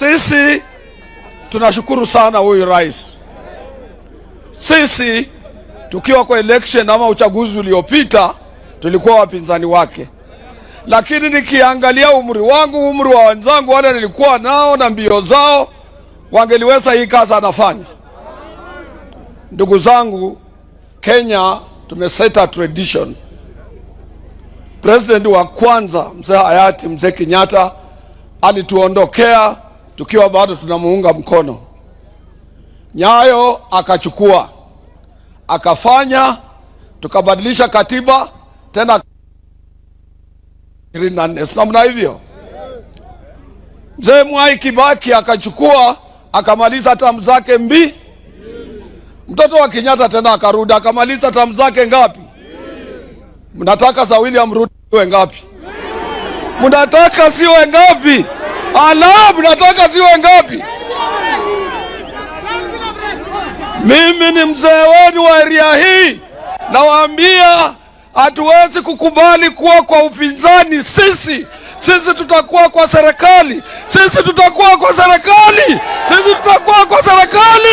Sisi tunashukuru sana huyu rais. Sisi tukiwa kwa election ama uchaguzi uliopita tulikuwa wapinzani wake, lakini nikiangalia umri wangu, umri wa wenzangu wale nilikuwa nao na mbio zao, wangeliweza hii kazi anafanya. Ndugu zangu, Kenya tumeseta tradition. President wa kwanza mzee hayati mzee Kenyatta alituondokea tukiwa bado tunamuunga mkono. Nyayo akachukua akafanya, tukabadilisha katiba tena ishirini na nne si namna hivyo. Mzee Mwai Kibaki akachukua akamaliza tamu zake mbi. Mtoto wa Kenyatta tena akarudi akamaliza tamu zake ngapi? Mnataka za William Ruto iwe ngapi? Mnataka siwe ngapi? Ala, nataka ziwe ngapi? Mimi ni mzee wenu wa eria hii, nawaambia hatuwezi kukubali kuwa kwa upinzani. Sisi sisi tutakuwa kwa serikali, sisi tutakuwa kwa serikali, sisi tutakuwa kwa serikali.